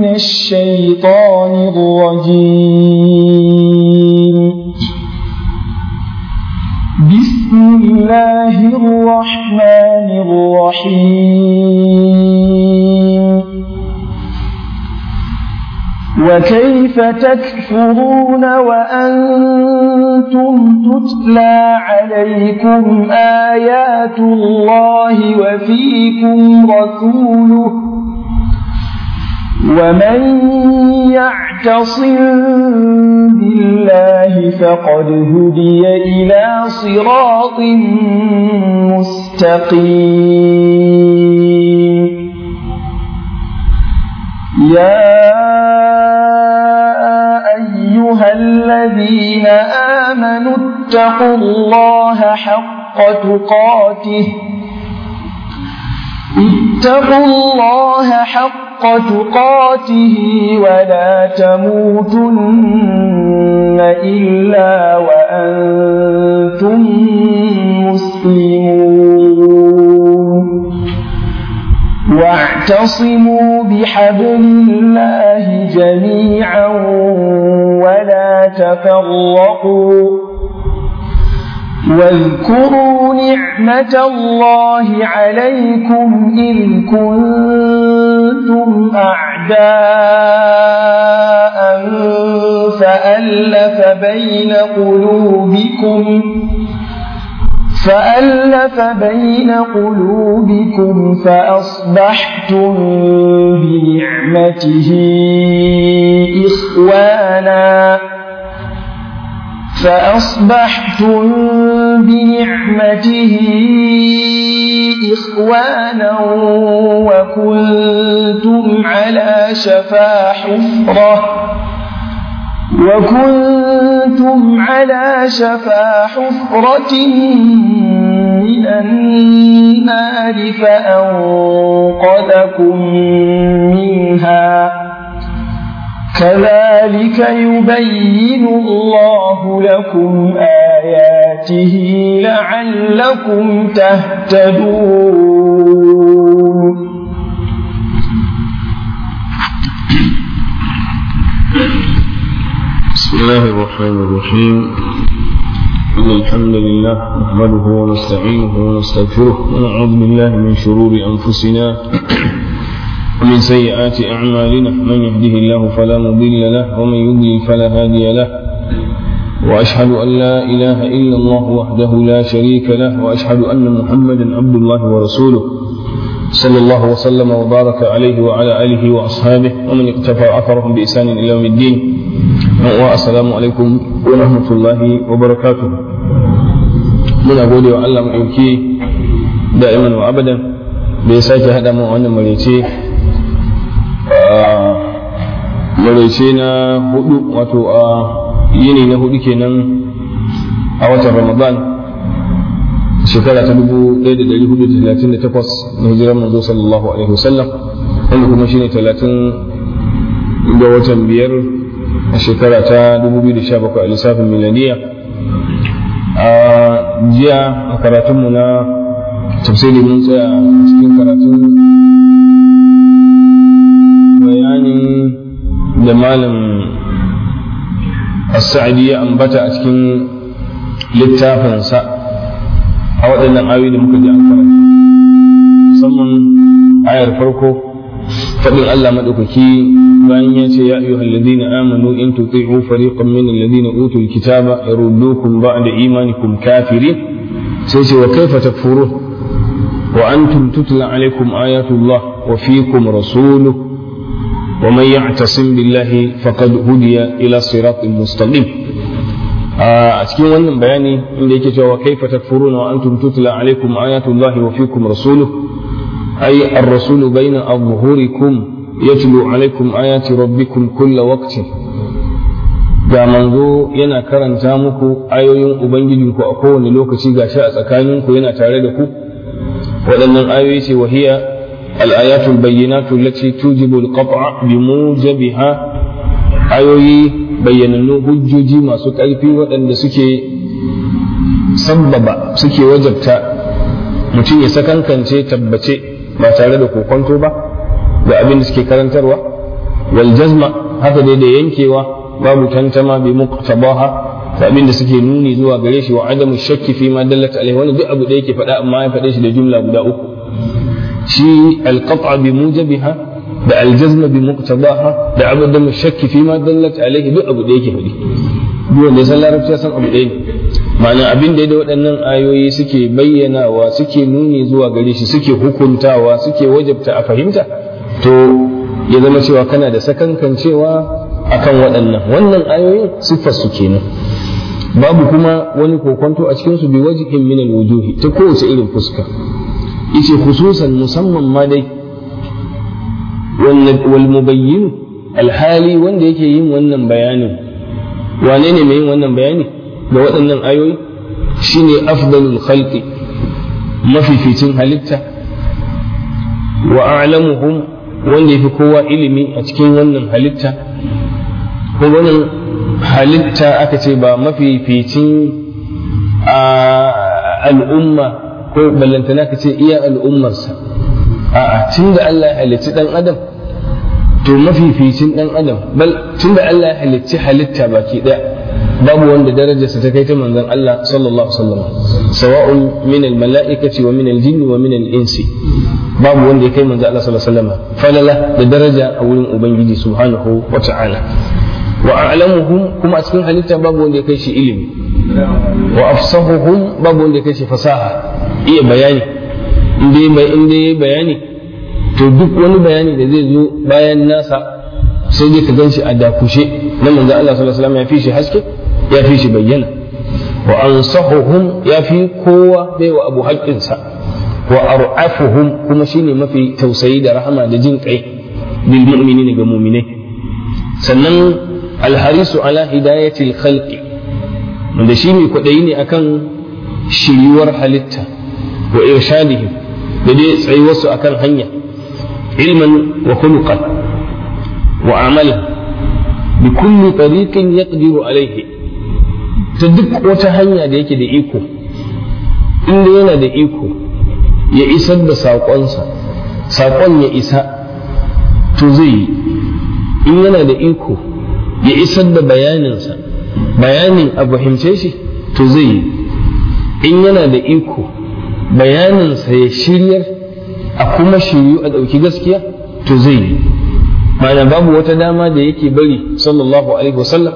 من الشيطان الرجيم بسم الله الرحمن الرحيم وكيف تكفرون وأنتم تتلى عليكم آيات الله وفيكم رسوله ومن يعتصم بالله فقد هدي إلى صراط مستقيم يا أيها الذين آمنوا اتقوا الله حق تقاته اتقوا الله حق تقاته ولا تموتن إلا وأنتم مسلمون واعتصموا بحبل الله جميعا ولا تفرقوا واذكروا نعمة الله عليكم إن كنتم أعداء فألف بين قلوبكم فألف بين قلوبكم فأصبحتم بنعمته إخوانا فأصبحتم بنعمته إخوانا وكنتم على شفا حفرة وكنتم على شفا حفرة من النار فأنقذكم منها كذلك يبين الله لكم آياته لعلكم تهتدون بسم الله الرحمن الرحيم إن الحمد لله نحمده ونستعينه ونستغفره ونعوذ بالله من شرور أنفسنا ومن سيئات أعمالنا من يهده الله فلا مضل له ومن يضلل فلا هادي له وأشهد أن لا إله إلا الله وحده لا شريك له وأشهد أن محمدا عبد الله ورسوله صلى الله وسلم وبارك عليه وعلى آله وأصحابه ومن اقتفى أثرهم بإحسان إلى يوم الدين والسلام عليكم ورحمة الله وبركاته من أقول وأعلم أنك دائما وأبدا بيساك هذا مؤمن مريتي maraice na hudu wato a yini na hudu kenan a watan ramadan shekara ta dubu ɗaya da hudu da talatin da takwas na hijiran manzo sallallahu alaihi wasallam wanda kuma shine talatin ga watan biyar a shekara ta dubu biyu da sha bakwai a lissafin miliyaniya a jiya a karatunmu na tafsirin mun tsaya cikin karatun da malam as-sa'idi ya ambata a cikin littafinsa a waɗannan ayoyi da muka ji an karanta musamman ayar farko faɗin Allah maɗaukaki bayan ya ce ya ayyuhal ladina amanu in tuti'u fariqan min alladhina utul kitaba da ba'da imanikum kafirin sai ce wa kaifa takfurun wa antum tutla alaikum ayatullah wa fiikum rasuluhu ومن يعتصم بالله فقد هدي إلى صراط مستقيم a cikin wannan bayani inda yake cewa kaifa takfuruna wa antum tutla alaikum ayatullahi wa fikum rasuluh ay ar-rasul bayna adhhurikum yatlu alaikum ayati rabbikum kulla waqtin ga manzo yana karanta muku ayoyin ubangijinku a kowane lokaci gashi a tsakaninku yana tare da ku waɗannan ayoyi ce wahiya الآيات البينات التي توجب القطع بموجبها أيوي بيننو هجوجي ما سوك ألفي وأن سكي سبب سكي وجبتا mutum ya sakankance tabbace ba tare da kokonto ba da abin da suke karantarwa waljazma haka dai da yankewa babu tantama bi muqtabaha da abin da suke nuni zuwa gare shi wa adamu shakki fi ma dallat alaihi wani duk abu da yake faɗa amma ya faɗe shi da jumla guda uku shi alqat'a bi mujabiha da aljazma bi muqtadaha da abadan shakki fi ma dallat alaihi bi abu da yake faɗi duk wanda ya san larabci san abu ɗaya ma'ana abin da da waɗannan ayoyi suke bayyanawa suke nuni zuwa gare shi suke hukuntawa suke wajabta a fahimta to ya zama cewa kana da sakankan cewa akan waɗannan wannan ayoyin siffar su kenan babu kuma wani kokonto a cikin su bi wajihin min alwujuhi ta kowace irin fuska yace khususan musamman ma dai wal mubayyin alhali wanda yake yin wannan bayanin wane ne mai yin wannan bayani ga waɗannan ayoyi shine afdalul khalqi mafificin halitta wa a'lamuhum wanda yafi kowa ilimi a cikin wannan halitta ko wannan halitta aka ce ba mafificin al'umma ko ballantana ka ce iya al'ummarsa a'a tun da Allah ya halicci dan adam to mafificin dan adam bal tun da Allah ya halicci halitta baki daya babu wanda darajarsa ta kai ta manzon Allah sallallahu alaihi wasallam sawa'un min al-mala'ikati wa min al-jinni wa min al-insi babu wanda ya kai manzon Allah sallallahu alaihi wasallam falala da daraja a wurin ubangiji subhanahu wa ta'ala wa kuma a cikin halitta babu wanda ya kai shi ilimi wa babu wanda ya kai shi fasaha iya bayani bayani to duk wani bayani da zai zo bayan nasa sai dai ka gan shi a dakushe na manzo Allah alaihi wasallam ya fi shi haske ya fi shi bayyana wa ansahuhum ya fi kowa bai wa abu haƙƙinsa wa ar'afuhum kuma shine mafi tausayi da rahama da jin kai lil ga mu'minai sannan alharisu ala hidayatil khalqi wanda shi ne kwaɗayi ne akan shiriwar halitta wa irshadihim da dai wasu akan hanya ilman wa khuluqan wa amalan bi kulli tariqin yaqdiru alayhi ta duk wata hanya da yake da iko inda yana da iko ya isar da saƙonsa saƙon ya isa to zai yi in yana da iko ya isar da bayaninsa bayanin a fahimce shi to zai yi in yana da iko bayaninsa ya shiryar a kuma shiryu a ɗauki gaskiya to zai yi ma'ana babu wata dama da yake bari sallallahu alaihi wasallam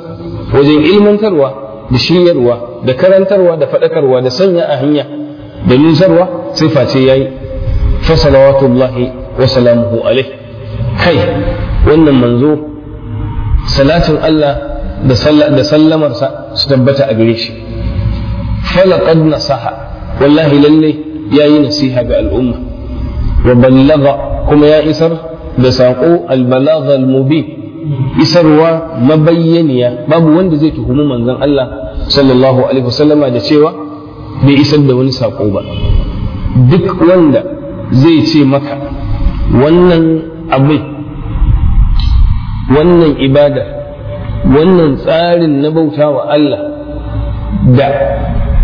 wajen ilmantarwa da shiryarwa da karantarwa da faɗakarwa da sanya a hanya da nusarwa sai face yayi fa salawatullahi wa salamuhu alaihi kai wannan manzo salatin Allah da sallamarsa su tabbata a gare shi falaqad nasaha wallahi lalle yi nasiha ga al'umma wa ballagha kuma ya isar da saƙo albalagha almubin isarwa mabayyaniya babu wanda zai tuhumi manzon Allah sallallahu alaihi wasallama da cewa bai isar da wani saƙo ba duk wanda zai ce maka wannan abin wannan ibada wannan tsarin na bauta wa Allah da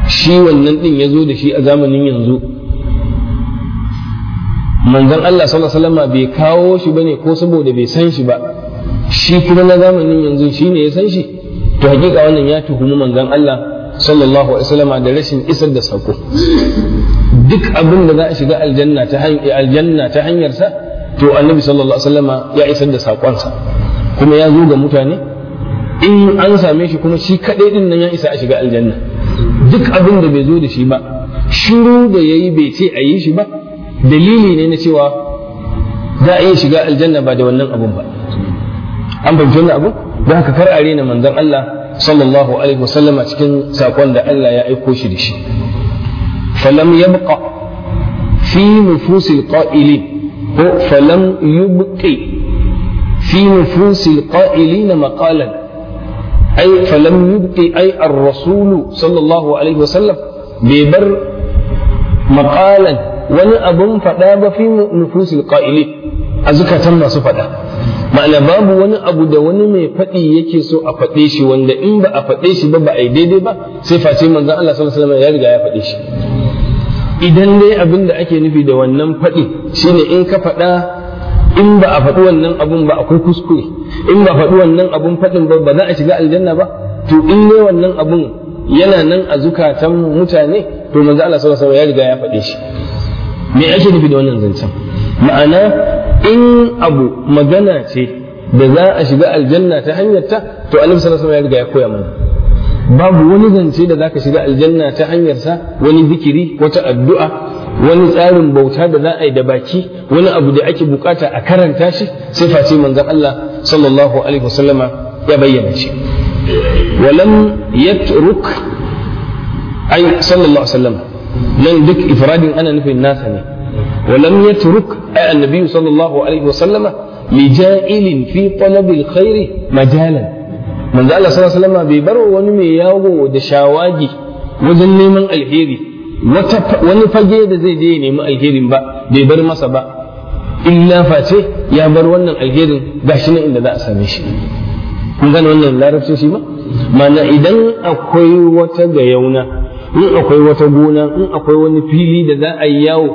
shi wannan ɗin ya zo da shi a zamanin yanzu manzon Allah sallallahu bai kawo shi bane ko saboda bai san shi ba shi kuma na zamanin yanzu shi ne ya san shi to hakika wannan ya tuhumi manzon Allah sallallahu alaihi wasallam da rashin isar da sako duk abin da za a shiga aljanna ta hanyar aljanna ta hanyar sa to annabi sallallahu alaihi wasallam ya isar da sa kuma ya zo ga mutane in an same shi kuma shi kaɗai ɗin nan ya isa a shiga aljanna duk abin da bai zo da shi ba shiru da ya yi bai ce a yi shi ba dalili ne na cewa za a iya shiga aljanna ba da wannan abun ba an fahimci wannan abun don haka kar a rena manzon Allah sallallahu alaihi wasallama cikin sakon da Allah ya aiko shi da shi falam yabqa fi nufusil qa'ilin ko falam yubqi fi nufusi qa'ilina maqalan ai falam yubqi ai ar-rasul sallallahu alaihi wasallam bai bar maƙalan wani abun faɗa ba fi nufusil qa'ili a zukatan masu faɗa ma'ana babu wani abu da wani mai faɗi yake so a faɗe shi wanda in ba a faɗe shi ba ba a yi daidai ba sai face manzon Allah sallallahu alaihi wasallam ya riga ya faɗe shi idan dai abin da ake nufi da wannan faɗi shine in ka faɗa in ba a faɗi wannan abun ba akwai kuskure in ba faɗi wannan abun faɗin ba ba za a shiga aljanna ba to in ne wannan abun yana nan a zukatan mutane to manzo Allah sallallahu alaihi ya riga ya faɗe shi me ake nufi da wannan zancen ma'ana in abu magana ce da za a shiga aljanna ta hanyar ta to annabi sallallahu alaihi ya riga ya koya mana babu wani zance da zaka shiga aljanna ta hanyarsa sa wani zikiri wata addu'a wani tsarin bauta da za a yi da baki wani abu da ake bukata a karanta shi sai face manzon Allah sallallahu alaihi wasallama ya bayyana shi walam yatruk ay sallallahu alaihi wasallam nan duk ifradin ana nufin nasa ne walam yatruk ay annabi sallallahu alaihi wasallama li ja'ilin fi talabil khairi majalan manzo Allah sallallahu alaihi wasallama bai bar wani mai yawo da shawagi wajen neman alheri wani fage da zai je ya nemi alherin ba bai bar masa ba illa face ya bar wannan alherin gashi nan inda za a same shi kun gane wannan larabci shi ba mana idan akwai wata gayauna in akwai wata gona in akwai wani fili da za a yi yawo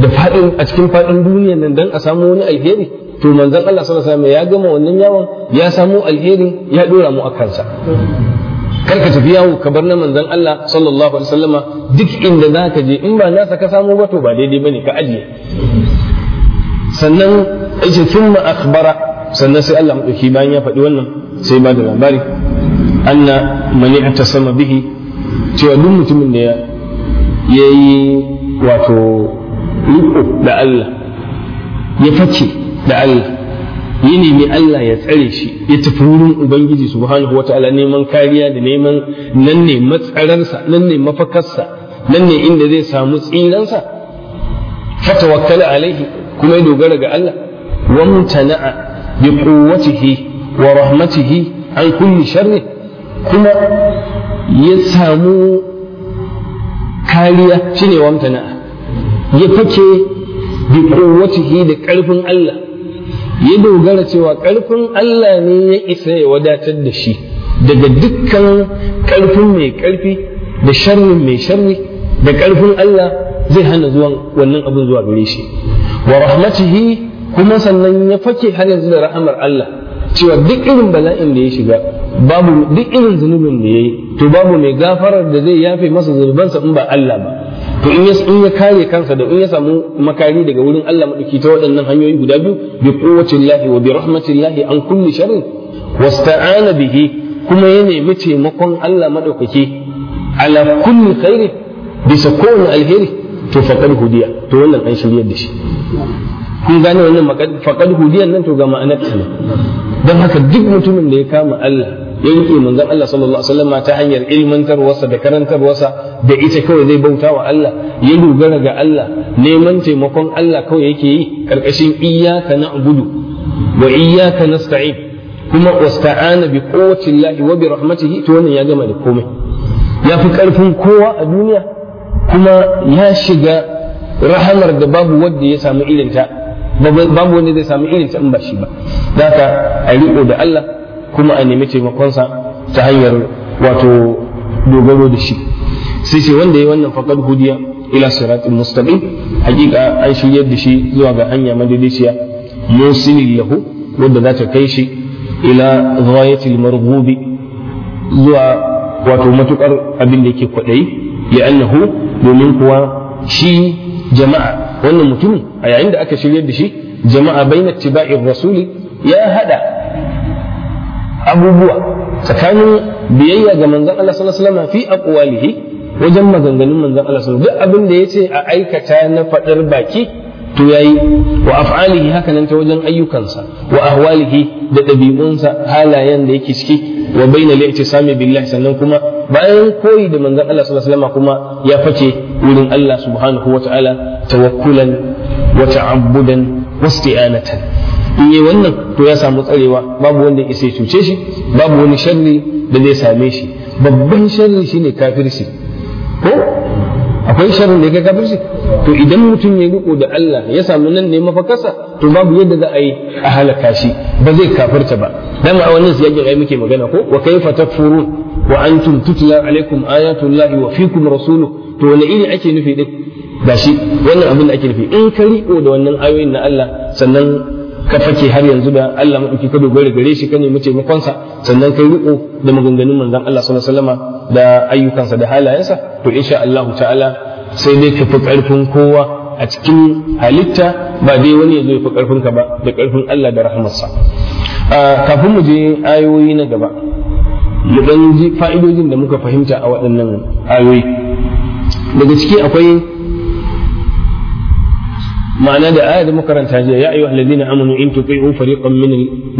da faɗin a cikin faɗin duniya nan dan a samu wani alheri to manzon Allah sallallahu alaihi wasallam ya gama wannan yawon ya samu alherin ya dora mu a kansa kar ka tafi yawo ka bar na manzon Allah sallallahu alaihi wasallama duk inda za ka je in ba nasa ka samu ba to ba daidai bane ka ajiye sannan yace thumma akhbara sannan sai Allah mutuki bayan ya faɗi wannan sai ba da labari anna man sama bihi cewa duk mutumin da ya yi wato riko da Allah ya fice da Allah ya nemi Allah ya tsare shi ya tafi wurin ubangiji subhanahu ta'ala neman kariya da neman nan ne matsararsa nan ne mafakarsa nan ne inda zai samu tsiransa tawakkala alaihi kuma ya dogara ga Allah wa mutana'a bi quwwatihi wa rahmatihi an kulli sharri kuma ya samu kariya shine wa mutana'a ya fake bi quwwatihi da karfin Allah ya dogara cewa ƙarfin Allah ne ya isa ya wadatar da shi daga dukkan ƙarfin mai ƙarfi da sharrin mai sharri da ƙarfin Allah zai hana zuwan wannan abin zuwa gare shi wa rahmatihi kuma sannan ya fake har yanzu da rahamar Allah cewa duk irin bala'in da ya shiga babu duk irin zunubin da ya yi to babu mai gafarar da zai yafe masa zunubansa in ba Allah ba to in ya kare kansa da in ya samu makari daga wurin Allah madauki ta waɗannan hanyoyi guda biyu bi quwwatillahi wa bi rahmatillahi an kulli sharrin wasta'ana bihi kuma ya nemi taimakon Allah madaukaki ala kulli khairi bisa kowane alheri to faqad hudiya to wannan an shiryar da shi kun gane wannan faqad hudiyan nan to ga ma'anar ta dan haka duk mutumin da ya kama Allah ya rike manzon Allah sallallahu alaihi wasallam ta hanyar ilmantarwarsa da karantarwarsa da ita kawai zai bauta wa Allah ya dogara ga Allah neman taimakon Allah kawai yake yi karkashin iyyaka gudu wa iyyaka nasta'in kuma wasta'ana bi quwwati llahi wa bi rahmatihi to wannan ya gama da komai ya fi karfin kowa a duniya kuma ya shiga rahamar da babu wanda ya samu irinta babu wanda zai samu irinta in ba shi ba zaka a riko da Allah kuma a nemi taimakonsa ta hanyar wato dogaro da shi sai ce wanda ya wannan faqad hudiya ila siratul mustaqim hakika an shiryar da shi zuwa ga hanya madadiciya musilin lahu wanda za ta kai shi ila ghayatil marghubi zuwa wato matukar abin da yake kwadai li'annahu domin kuwa shi jama'a wannan mutum a yayin da aka shiryar da shi jama'a bainat tibai rasuli ya hada abubuwa tsakanin biyayya ga manzon Allah sallallahu alaihi wasallam fi aqwalihi wajen maganganun manzon Allah sallallahu alaihi wasallam duk abin da yace a aikata na fadar baki to yayi wa af'alihi haka nan ta wajen ayyukansa wa ahwalihi da dabi'unsa halayen da yake ciki wa baina li'tisami billahi sannan kuma bayan koyi da manzon Allah sallallahu alaihi kuma ya face wurin Allah subhanahu wataala tawakkulan wa ta'abbudan wasti'anatan in yi wannan to ya samu tsarewa babu wanda isa ya cuce shi babu wani sharri da zai same shi babban sharri shine kafirci ko akwai sharrin da ya kafirci to idan mutum ya riko da Allah ya samu nan ne mafakarsa to babu yadda za a yi a halaka shi ba zai kafirta ba dan a wannan siyakin ai muke magana ko wa kaifa takfurun wa antum tutla alaikum ayatullahi wa fikum rasuluhu to wani iri ake nufi din gashi wannan abin da ake nufi in ka riko da wannan ayoyin na Allah sannan ka fake har yanzu da Allah madauki ka dogara gare shi ka nemi taimakonsa sannan kai riƙo da maganganun manzon Allah sallallahu alaihi wasallama da ayyukansa da halayensa to insha Allah ta'ala sai dai ka fi karfin kowa a cikin halitta ba dai wani ya ya fi karfin ka ba da karfin Allah da rahmarsa kafin mu je ayoyi na gaba mu dan ji fa'idojin da muka fahimta a waɗannan ayoyi daga ciki akwai ma'ana da aya da makaranta jiya ya ayyuhal ladina amanu in tuti'u fariqan min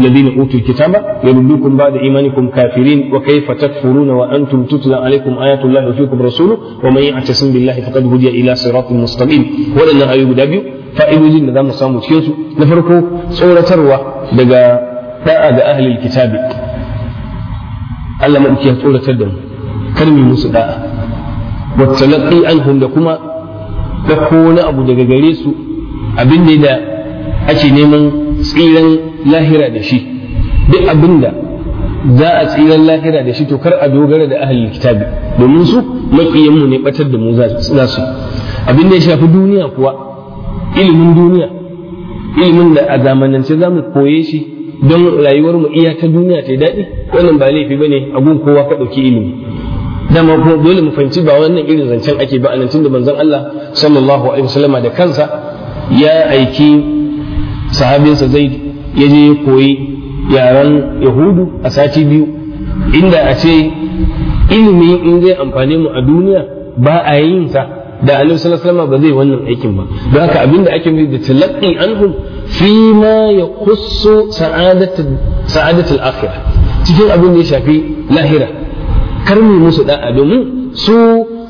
alladhina utul kitaba yaruddukum ba'da imanikum kafirin wa kayfa furuna wa antum tutla alaykum ayatullahi wa fiikum rasuluhu wa man ya'tasim billahi faqad hudiya ila siratin mustaqim wadannan ayoyi guda biyu fa'idojin da zamu samu cikin su na farko tsoratarwa daga da'a da ahlul kitabi Allah madauki ya tsoratar da mu kar mu musu da'a wa talaqi anhum da kuma dako ko abu daga gare su abin da da ake neman tsiran lahira da shi duk abin da za a tsiran lahira da shi to kar a dogara da ahalin kitabi domin su maƙiyanmu ne batar da mu za su abin da ya shafi duniya kuwa ilimin duniya ilimin da a zamanance za mu koye shi don rayuwarmu mu iya ta duniya ta daɗi wannan ba laifi ba ne a gun kowa ka ɗauki ilimi dama kuma dole mu fahimci ba wannan irin zancen ake ba a nan tunda manzon Allah sallallahu alaihi wasallama da kansa ya aiki sahabinsa zai ya je koyi yaren yahudu a sati biyu inda a ce ilimi in zai amfane mu a duniya ba a yin sa da alaihi sallallahu ba zai wannan aikin ba don haka abinda ake nufi da talaqqi anhum fi ma yakhussu sa'adatul sa'adatul akhirah cikin abin da ya shafi lahira karmi musu da'a domin su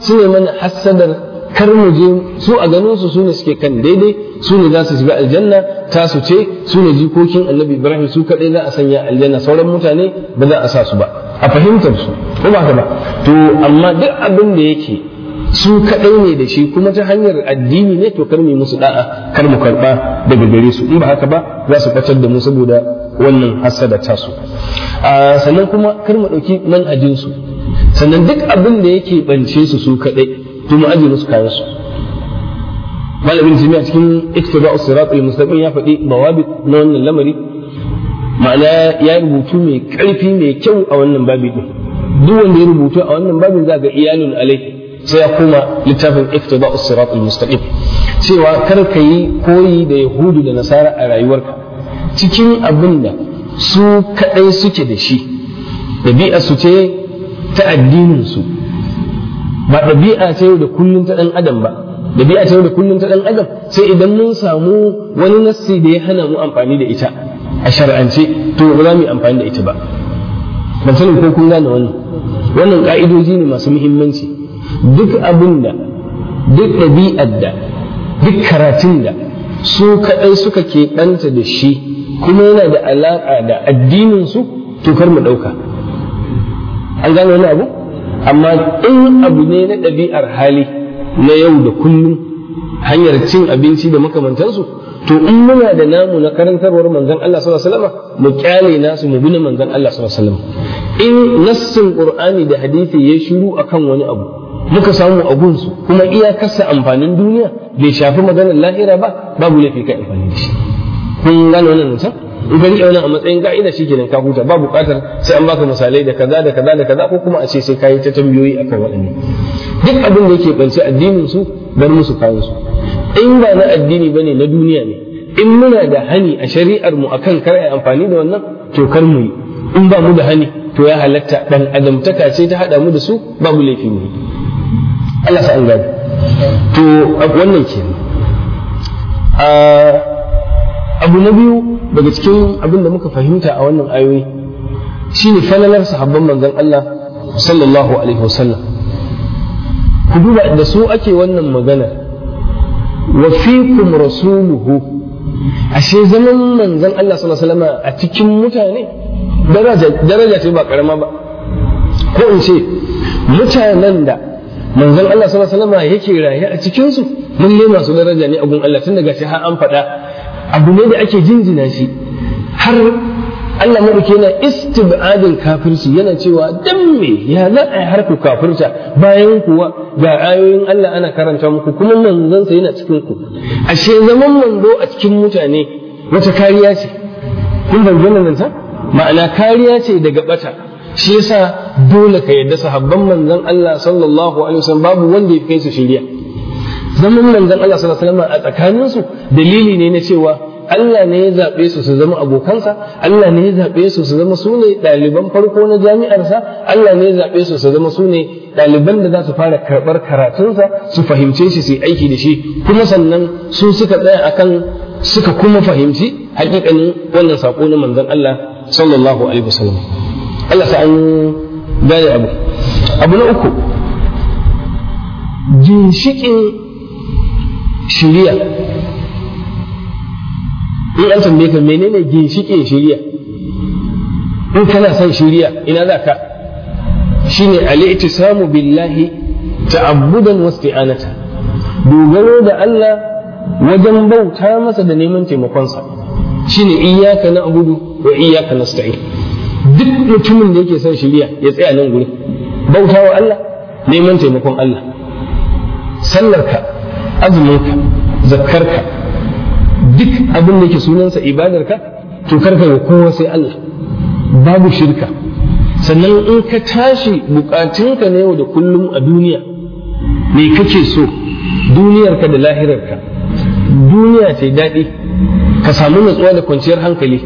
suna mana hasadar kar mu je su a ganin su sune suke kan daidai sune ne za su shiga aljanna ta su ce sune jikokin annabi ibrahim su kaɗai za a sanya aljanna sauran mutane ba za a sa su ba a fahimtar su ko ba haka ba to amma duk abin da yake su kaɗai ne da shi kuma ta hanyar addini ne to kar mu musu da'a kar mu karɓa daga gare su in ba haka ba za su ɓatar da mu saboda wannan hasada ta su sannan kuma kar mu ɗauki manhajin su sannan duk abin da yake bance su su kaɗai to mu aje musu kayan su malamin a cikin iktiba'u sirat al-mustaqim ya faɗi bawabi na wannan lamari ma'ana ya rubutu mai ƙarfi mai kyau a wannan babi din duk wanda ya rubutu a wannan babin za ga iyalun alai sai ya koma littafin iktiba'u sirat al-mustaqim cewa kar ka yi koyi da yahudu da nasara a rayuwarka cikin abin da su kaɗai suke da shi ɗabi'a su ce ta addinin su ba ɗabi'a ta yau da kullum ta ɗan adam ba ɗabi'a ta yau da kullum ta ɗan adam sai idan mun samu wani nassi da ya hana mu amfani da ita a shar'ance to ba za mu yi amfani da ita ba ban sanin ko kun gane wannan wannan ka'idoji ne masu muhimmanci duk abin da duk ɗabi'ar da duk karatun da su kaɗai suka ke keɓanta da shi kuma yana da alaƙa da addinin su to kar mu ɗauka an gane wani abu amma in abu ne na ɗabi'ar hali na yau da kullum hanyar cin abinci da makamantansu to in muna da namu na karantarwar manzon Allah sallallahu alaihi wasallam mu kyale nasu mu bi manzon Allah sallallahu alaihi wasallam in nassin qur'ani da hadisi ya shiru akan wani abu muka samu abun su. kuma iyakarsa amfanin duniya bai shafi maganar lahira ba babu laifi kai amfani da shi kun gane wannan zancen in ka riƙe wannan a matsayin ka'ida shi kenan ka huta ba buƙatar sai an baka misalai da kaza da kaza da kaza ko kuma a ce sai kayi ta tambayoyi akan waɗanne. duk abin da yake ɓance addinin su bar musu kayan su in ba na addini bane na duniya ne in muna da hani a shari'ar mu akan kar ai amfani da wannan to kar mu yi in ba mu da hani to ya halatta dan adamtaka ce ta hada mu da su babu laifi ne Allah sa an gani to wannan kenan ah, abu na biyu daga cikin abin da muka fahimta a wannan ayoyi shine falalar sahabban manzon Allah sallallahu alaihi wasallam ku duba da su ake wannan magana wa fikum rasuluhu ashe zaman manzon Allah sallallahu alaihi wasallam a cikin mutane daraja daraja ce ba karama ba ko in ce mutanen da manzon Allah sallallahu alaihi wasallam yake raye a cikin su mun ne masu daraja ne a gun Allah tun daga shi har an faɗa abu ne da ake jinjina shi har Allah madauki yana istibadin kafirci yana cewa dan me ya za a harku kafirta bayan kuwa ga ayoyin Allah ana karanta muku kuma manzansa yana cikin ku ashe zaman manzo a cikin mutane wata kariya ce kun fahimci nan ta ma'ana kariya ce daga bata shi yasa dole ka yadda sahabban manzon Allah sallallahu alaihi wasallam babu wanda ya kai su shirya. zaman manzon Allah sallallahu alaihi wasallam a tsakaninsu dalili ne na cewa Allah ne ya zaɓe su su zama abokansa, Allah ne ya zaɓe su su zama su ne ɗaliban farko na jami'arsa, Allah ne ya zaɓe su su zama su ne ɗaliban da za su fara karɓar karatunsa su fahimce shi su yi aiki da shi, kuma sannan su suka tsaya akan suka kuma fahimci hakikanin wannan saƙo na manzon Allah sallallahu alaihi wasallam. Allah sa an gane abu. Abu na uku, jinshikin. shiriya in an tambaye ka menene ginshiƙin shiriya in kana son shiriya ina za ka shine al samu billahi ta'abbudan wasti'anata dogaro da Allah wajen bauta masa da neman taimakonsa shine iyyaka na'budu wa iyyaka nasta'in duk mutumin da yake son shiriya ya tsaya nan gurin bautawa Allah neman taimakon Allah sallarka azuminka zakkarka duk abin da yake sunansa ibadarka to karka ga kowa sai Allah babu shirka sannan in ka tashi bukatunka na yau da kullum a duniya me kake so duniyarka da lahirarka duniya ta daɗi ka samu natsuwa da kwanciyar hankali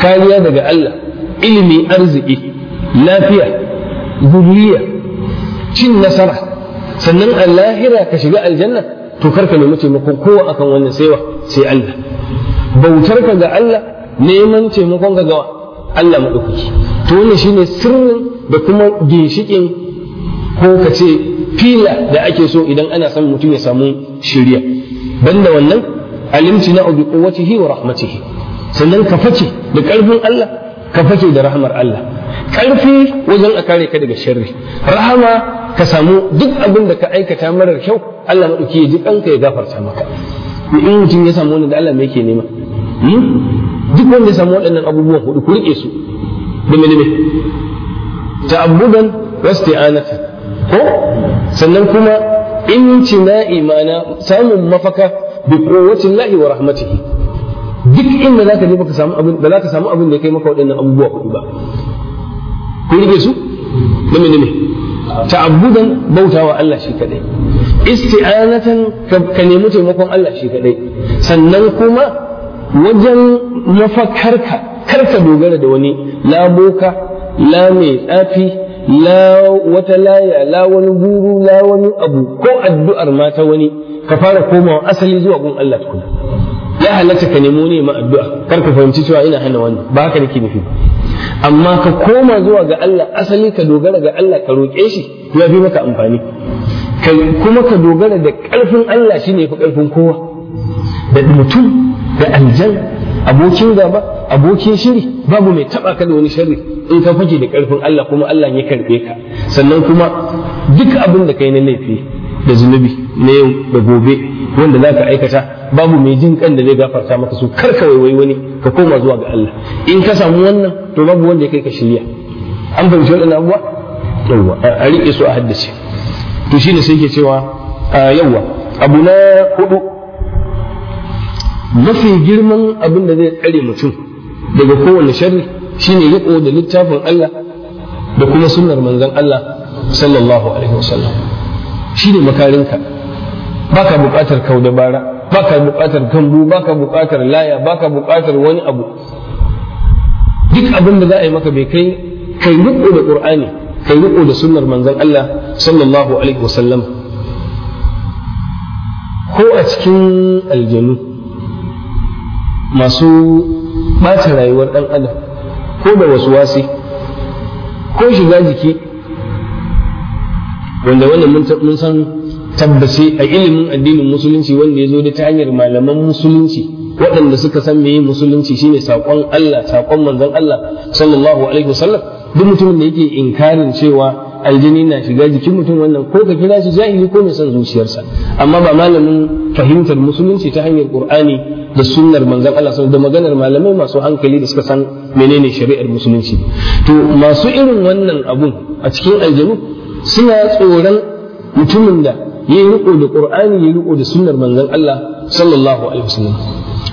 kariya daga Allah ilimi arziki lafiya zuriya cin nasara sannan a lahira ka shiga aljanna to karka nemi taimakon kowa akan wannan sai sai Allah bautar ka ga Allah neman taimakon ka ga Allah madaukaki to wannan shine sirrin da kuma ginshikin ko ka ce fila da ake so idan ana son mutum ya samu shirya banda wannan alimci na bi quwwatihi wa rahmatihi sannan ka fake da karfin Allah ka fake da rahmar Allah karfi wajen a kare ka daga sharri rahama ka samu duk abin da ka aikata marar kyau Allah maɗauki ya ji kanka ya gafarta maka in mutum ya samu wannan da Allah mai ke nema hmm? duk wanda ya samu waɗannan abubuwan hudu ku rike su da menene ta'abbudan wasti'anatan ko sannan kuma na imana samun mafaka bi quwwatin lahi wa rahmatihi duk inda zaka je baka samu abin da zaka samu abin da kai maka waɗannan abubuwa hudu ba ku rike su da menene ta'abbudan bautawa Allah shi kadai isti'anatan ka nemi taimakon Allah shi kadai sannan kuma wajen mafakarka kar ka dogara da wani la boka la mai tsafi la wata laya la wani guru la wani abu ko addu'ar mata wani ka fara komawa asali zuwa gun Allah tukuna ya halatta ka nemo ne addu'a kar ka fahimci cewa ina hana wani, ba haka nake nufi amma ka koma zuwa ga Allah asali ka dogara ga Allah ka roƙe shi ya fi maka amfani kuma ka dogara da ƙarfin Allah shine fi ƙarfin kowa da mutum da aljan abokin gaba abokin shiri babu mai taba ka da wani sharri in ka fake da ƙarfin Allah kuma Allah ya karɓe ka sannan kuma duk abin da kai na laifi da zunubi na yau da gobe wanda za ka aikata babu mai jin kan da zai gafarta maka su kar ka waiwai wani ka koma zuwa ga Allah in ka samu wannan to babu wanda ya kai ka shirya an fahimci waɗannan abubuwa yawwa a riƙe su a haddace to shine sai ke cewa yawwa abu na hudu mafi girman abin da zai tsare mutum daga kowane sharri shine riƙo da littafin Allah da kuma sunnar manzon Allah sallallahu alaihi wasallam shine makarinka baka buƙatar kau da bara ka buƙatar kambu ka buƙatar laya ka buƙatar wani abu duk abin da za a yi maka bai kai kai riko da kai riko da sunnar manzon Allah sallallahu alaihi wasallam ko a cikin aljanu masu ɓata rayuwar ɗan adam ko da wasu wasi ko shiga jiki wanda wannan mun san tabbace a ilimin addinin musulunci wanda ya zo da ta hanyar malaman musulunci waɗanda suka san meye musulunci shine saƙon Allah saƙon manzon Allah sallallahu alaihi wasallam duk mutumin da yake inkarin cewa aljini na shiga jikin mutum wannan ko ka kira shi jahili ko mai son zuciyarsa amma ba malamin fahimtar musulunci ta hanyar qur'ani da sunnar manzon Allah da maganar malamai masu hankali da suka san menene shari'ar musulunci to masu irin wannan abun a cikin aljanu suna tsoron mutumin da ya yi riko da qur'ani ya riko da sunnar manzon Allah sallallahu alaihi wasallam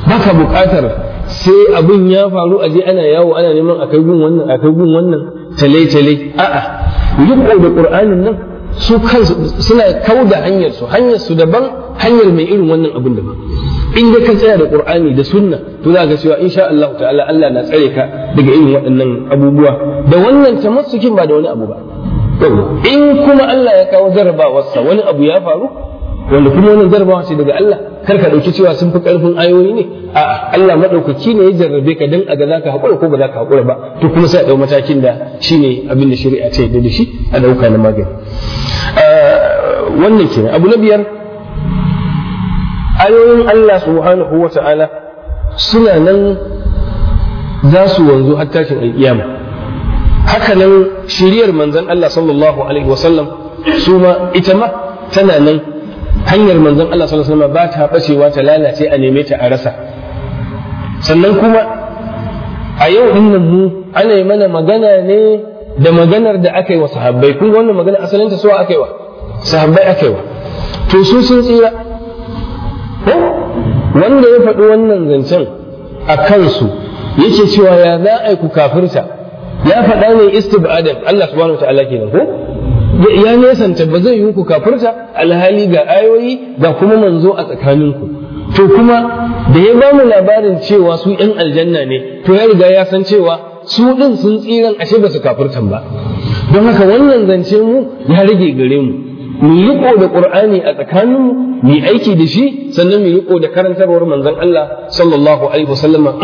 baka buƙatar sai abin ya faru a je ana yawo ana neman a kai gun wannan a kai gun wannan tale tale a'a riko da qur'anin nan su kansu suna kauda hanyar su hanyar su daban hanyar mai irin wannan abin daban in dai ka tsaya da qur'ani da sunna to za ka cewa insha Allah ta'ala Allah na tsare ka daga irin waɗannan abubuwa da wannan ta tamassukin ba da wani abu ba in kuma Allah ya kawo wasa wani abu ya faru wanda kuma wani jarabawa ce daga Allah kar ka dauki cewa sun fi karfin ayoyi ne a'a Allah maɗaukaki ne ya jarrabe ka dan aga zaka haƙura, ko ba za ka haƙura ba to kuma sai a ɗau matakin da ne abin da shari'a ta yadda da shi a ɗauka na magani wannan kenan abu na biyar ayoyin Allah subhanahu suna nan za su wanzu har tashin haka nan shiriyar manzon Allah sallallahu alaihi wasallam su ma ita ma tana nan hanyar manzon Allah sallallahu alaihi wasallam ba ta bacewa ta lalace a neme ta a rasa sannan kuma a yau dinnan mu ana yi mana magana ne da maganar da aka yi wa sahabbai kun wannan magana asalinta suwa aka yi wa sahabbai aka yi wa to su sun tsira wanda ya faɗi wannan zancen a kansu yake cewa ya za a ku kafirta ya faɗa ne adam Allah subhanahu wataala kenan ko ya nesanta ba zai yi ku kafirta alhali ga ayoyi ga kuma manzo a tsakaninku to kuma da ya bamu labarin cewa su ‘yan aljanna ne to ya riga ya san cewa su ɗin sun tsiran ashe ba su kafirtan ba don haka wannan zance mu ya rage gare mu mu riko da qur'ani a tsakaninmu mu aiki da shi sannan mu riko da karantarwar manzon Allah sallallahu alaihi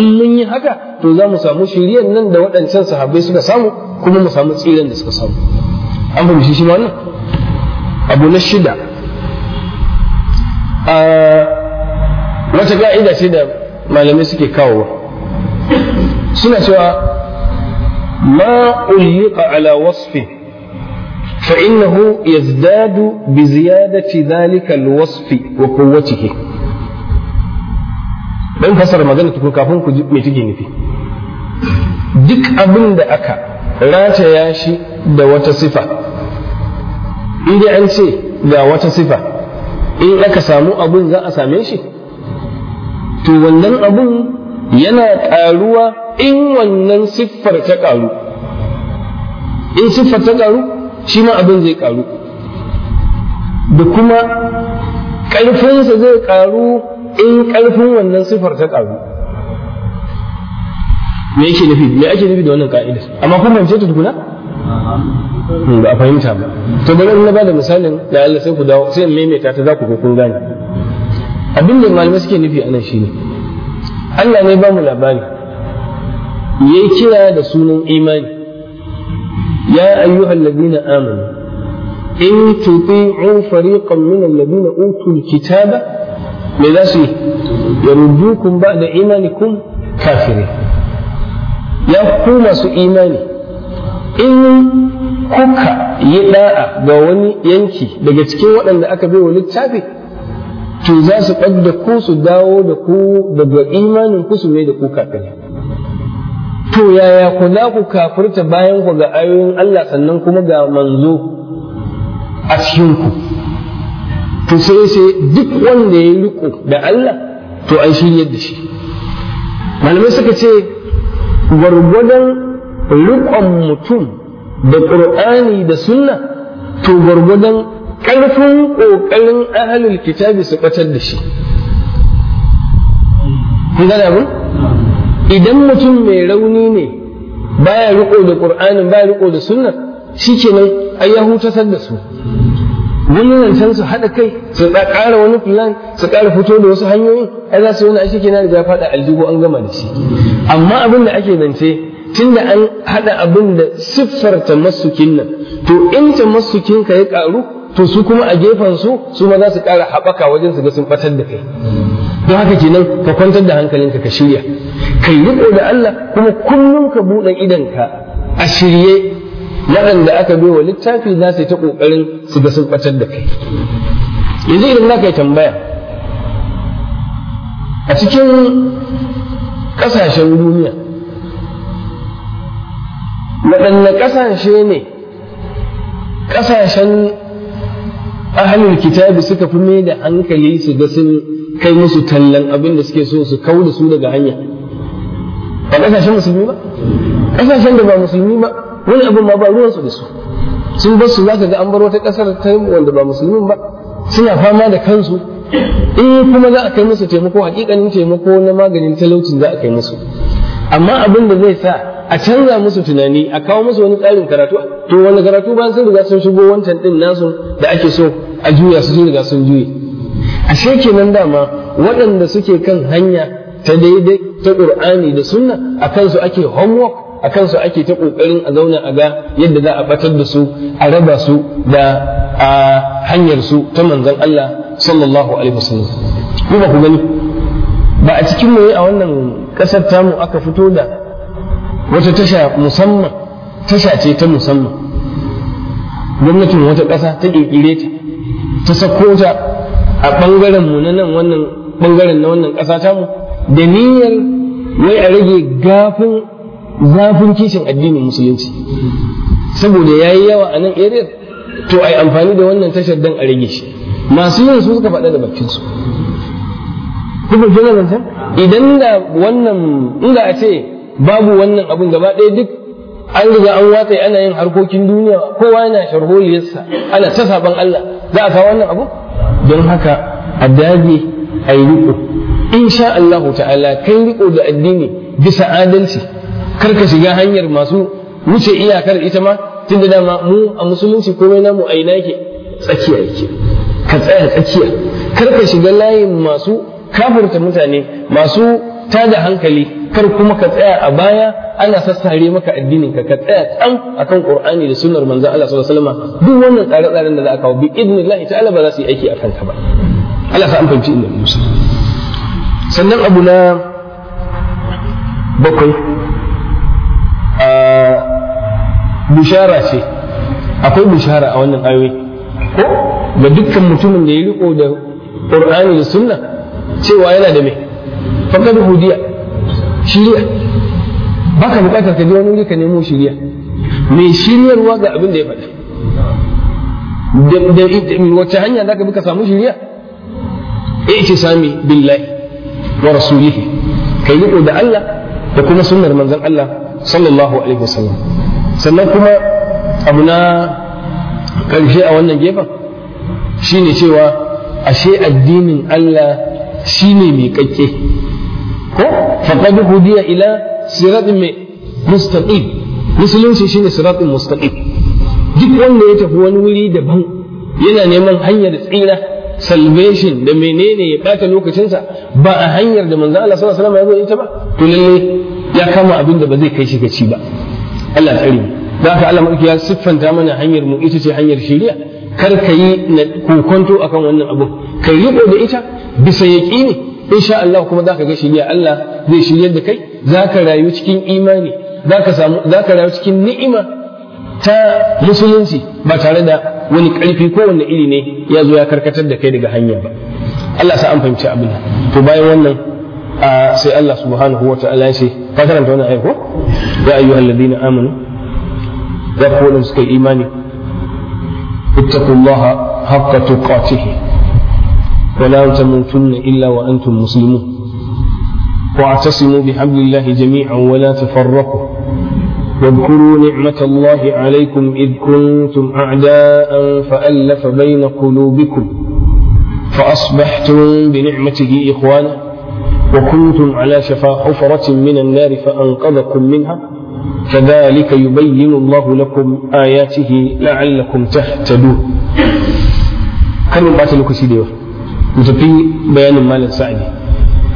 in mun yi haka to za mu samu shiriyar nan da waɗancan sahabbai suka samu kuma mu samu tsiran da suka samu an fahimci shi wannan abu na shida a wata ka'ida ce da malamai suke kawowa suna cewa ma ulliqa ala wasfin فإنه يزداد بزيادة ذلك الوصف وقوته dan fasara magana tukun kafin ku mai take nufi duk abin da aka rataya shi da wata sifa idan an ce ga wata sifa in aka samu abin za a same shi to wannan abin yana ƙaruwa in wannan siffar ta ƙaru in siffar ta ƙaru shi ma abin zai karu da kuma ƙarfinsa zai karu in ƙarfin wannan sifar ta karu me yake nufi me ake nufi da wannan ka'ida amma kun fahimce ta tukuna hmm, ba a fahimta ba to bari in na da misalin da Allah sai ku dawo sai in maimaita ta za ku kun gane abin da malamai suke nufi anan shine Allah ne ba mu labari yayi kira da sunan imani ya يا أيها الذين آمنوا إن تطيعوا فريقا من الذين أوتوا الكتاب da يردوكم بعد إيمانكم ya يا قوم imani in kuka yi ɗa'a ga wani yanki daga cikin waɗanda aka bai wa littafi to za su ɓadda ku su dawo da ku daga imanin ku su mai da ku kafin to yaya ku za ku kafirta bayan ku ga ayoyin Allah sannan kuma ga manzo a cikin ku to sai sai duk wanda ya riko da Allah to ai shiryar da shi malamai suka ce gwargwadon riƙon mutum da ƙur'ani da sunna to gwargwadon ƙarfin ƙoƙarin ahalul kitabi su ɓatar da shi. Kun gane abin? idan mutum mai rauni ne baya riko da qur'anin baya riko da sunna shikenan ai ya hutasar da su wani zancen su haɗa kai su ƙara wani filan su ƙara fito da wasu hanyoyi ai za su yi wani ashe kenan da ya faɗa aljihu an gama da shi amma abin da ake zance tun da an haɗa abin da siffarta masukin nan to in ta masukin ka ya ƙaru to su kuma a gefen su su ma za su ƙara haɓaka wajen su ga sun ɓatar da kai don haka kenan ka kwantar da hankalinka ka shirya ka yi da Allah kuma kullum ka buɗe idanka a shirye waɗanda aka bai wa littafi za su yi ta ƙoƙarin su ga sun ɓatar da kai yanzu idan naka yi tambaya a cikin ƙasashen duniya waɗanne ƙasashe ne ƙasashen ahalin kitabi suka fi mai da hankali su ga sun kai musu tallan abin da suke so su kau da su daga hanya ba kasashen musulmi ba kasashen da ba musulmi ba wani abin ma ba ruwansu da su sun bar su zaka ga an bar wata kasar ta wanda ba musulmin ba suna fama da kansu in eh, kuma za a kai musu taimako hakikanin taimako na maganin talaucin za a kai musu amma abin da zai sa a canza musu tunani a kawo musu wani tsarin karatu to wani karatu ba sun riga sun shigo wancan din nasu da ake so a juya su sun riga sun juye ashe kenan dama waɗanda suke kan hanya ta daidai ta ƙur'ani da sunna a kansu ake homework a kansu ake ta ƙoƙarin a zauna a ga yadda za a ɓatar da su a raba su da a hanyar su ta manzon Allah sallallahu alaihi wasallam ku ba ku gani ba a cikin mu a wannan ƙasar tamu aka fito da wata tasha musamman tasha ce ta musamman gwamnatin wata ƙasa ta ƙirƙire ta ta sako ta a ɓangaren mu na nan wannan ɓangaren na wannan ƙasa ta mu da niyyar wai a rage gafin zafin kishin addinin musulunci saboda ya yi yawa a nan area to a yi amfani da wannan tashar don a rage shi masu yin su suka faɗa da bakinsu kuma idan da wannan inda a ce babu wannan abun gaba ɗaya duk an riga an watsa ana yin harkokin duniya kowa yana sharholiyarsa ana ta saban Allah za a kawo wannan abu don haka a dage a yi riko sha Allah ta'ala kai riko da addini bisa adalci kar ka shiga hanyar masu wuce iyakar ita ma tun da dama mu a musulunci komai namu a ina yake tsakiya yake ka tsaya tsakiya kar ka shiga layin masu kafurta mutane masu tada hankali kar kuma ka tsaya a baya ana sassare maka addinin ka ka tsaya tsam akan qur'ani da sunnar manzon Allah sallallahu alaihi wasallam duk wannan tsare-tsaren da za a kawo bi idnillahi ta'ala ba za su yi aiki akan ka ba Allah sa an fahimci inda Musa sannan abu na bakwai a bishara ce akwai bishara a wannan ayoyi ko ga dukkan mutumin da ya riko da qur'ani da sunna cewa yana da me faqad hudiya shirya ba ka bukatar ka je wani wuri ka nemo shirya mai shiryarwa ga abin da ya faɗa wacce hanya za ka bi ka samu shirya ce sami billahi wa rasulihi ka yi da Allah da kuma sunnar manzan Allah sallallahu alaihi wasallam sannan kuma abu na ƙarshe a wannan gefen shine cewa ashe addinin Allah shine mai kakke ko faqad hudiya ila siratin mai mustaqim musulunci shine siratin mustaqim duk wanda ya tafi wani wuri daban yana neman hanyar tsira salvation da menene ya bata lokacinsa ba a hanyar da manzo Allah sallallahu alaihi wasallam ya zo ita ba to lalle ya kama abin da ba zai kai shi gaci ba Allah tsari da haka Allah mulki ya siffanta mana hanyar mu ita ce hanyar shari'a kar ka yi kokonto akan wannan abu kai riko da ita bisa yaqini insha Allah kuma zaka ga shirya Allah zai shiryar da kai zaka rayu cikin imani zaka samu zaka rayu cikin ni'ima ta musulunci ba tare da wani karfi ko wani iri ne ya zo ya karkatar da kai daga hanya ba Allah sa an fahimci abin to bayan wannan sai Allah subhanahu wa ta'ala ya ce ka karanta wannan ayi ko ya ladina amanu ya suka imani ittaqullaha haqqa tuqatih ولا تموتن إلا وأنتم مسلمون واعتصموا بحبل الله جميعا ولا تفرقوا واذكروا نعمة الله عليكم إذ كنتم أعداء فألف بين قلوبكم فأصبحتم بنعمته إخوانا وكنتم على شفا حفرة من النار فأنقذكم منها فذلك يبين الله لكم آياته لعلكم تهتدون كم بعث لك سيدي mu tafi bayanin malin sa'adi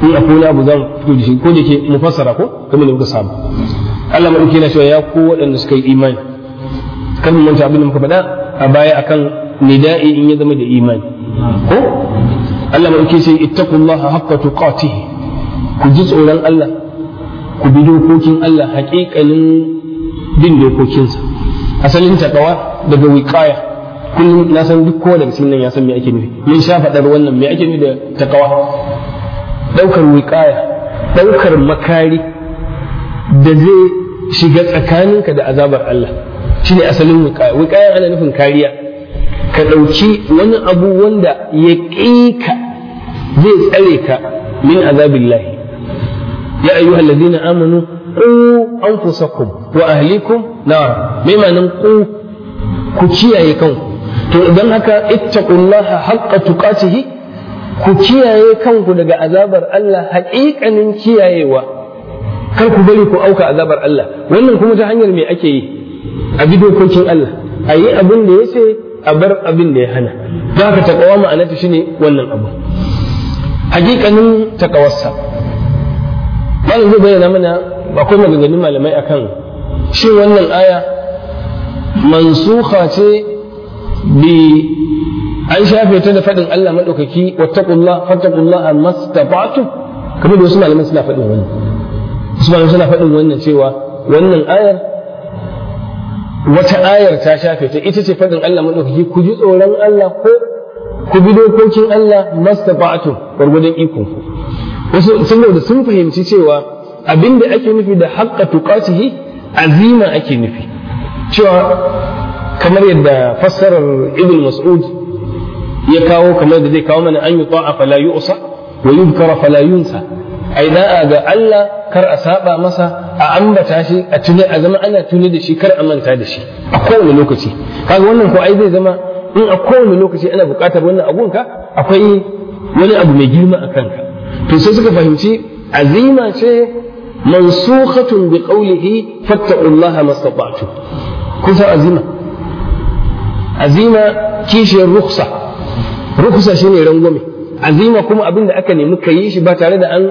in a kula abu zan fito da shi ko da ke mu fassara ko kamar da muka samu Allah madauki yana cewa ya ko waɗanda suka yi imani kan mu manta abin da muka faɗa a baya akan nida'i in ya zama da imani ko Allah madauki sai ittaqullaha haqqa tuqatihi ku ji tsoron Allah ku bi dokokin Allah haƙiƙanin bin dokokinsa asalin takawa daga wiqaya kullum na san duk kowane cikin nan ya san me ake nufi mun sha faɗar wannan me ake nufi da takawa ɗaukar wiƙaya ɗaukar makari da zai shiga tsakaninka da azabar Allah shine asalin wiƙaya wiƙaya ana nufin kariya ka ɗauki wani abu wanda ya ƙika zai tsare ka min azabillahi ya ayyuhal ladina amanu ku anfusakum wa ahlikum nar mai manan ku ku kiyaye kanku to idan haka ittaqullaha haqqa tuqatihi ku kiyaye kanku daga azabar Allah haƙiƙanin kiyayewa kar ku bari ku auka azabar Allah wannan kuma ta hanyar me ake yi a bi dokokin Allah a yi abin da ya ce a bar abin da ya hana don haka taqwa shi shine wannan abu haƙiƙanin taqawarsa malam zai bayyana mana akwai maganganun malamai akan shin wannan aya mansuha ce bi an shafe ta da faɗin Allah maɗaukaki wattaqullah fattaqullah mastata'tum kamar da wasu malaman suna faɗin wannan wasu malaman suna faɗin wannan cewa wannan ayar wata ayar ta shafe ta ita ce faɗin Allah maɗaukaki ku ji tsoron Allah ko ku bi dokokin Allah mastata'tum gwargwadon ikon ku wasu saboda sun fahimci cewa abin da ake nufi da haƙƙa tuƙatihi azima ake nufi cewa kamar yadda fassarar ibn mas'ud ya kawo kamar yadda zai kawo mana an yi ta'a fala yu'sa wa yubkara fala yunsa ai da'a ga Allah kar a saba masa a ambata shi a tuni a zama ana tuni da shi kar a manta da shi a kowane lokaci kaga wannan ko ai zai zama in a kowane lokaci ana buƙatar wannan abun ka akwai wani abu mai girma a kanka to sai suka fahimci azima ce mansukhatun bi qawlihi fattaqullaha mastata'tum kusa azima azima kishiyar ruksa ruksa shine rangwame azima kuma abin da aka nemi ka yi shi ba tare da an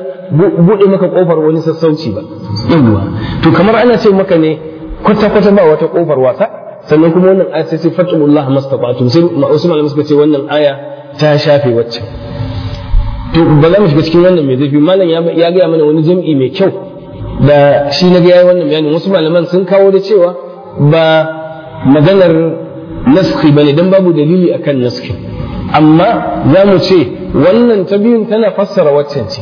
buɗe maka ƙofar wani sassauci ba yawwa to kamar ana ce maka ne kwata kwata ba wata ƙofar wasa sannan kuma wannan aya sai sai fatullah mastata'tum sai wasu malamai suka ce wannan aya ta shafe wacce to ba za mu shiga cikin wannan mai zafi malam ya gaya mana wani jam'i mai kyau da shi na ga yayi wannan bayanin wasu malaman sun kawo da cewa ba maganar naski bane dan babu dalili akan naski amma za mu ce wannan ta biyun tana fassara waccan ce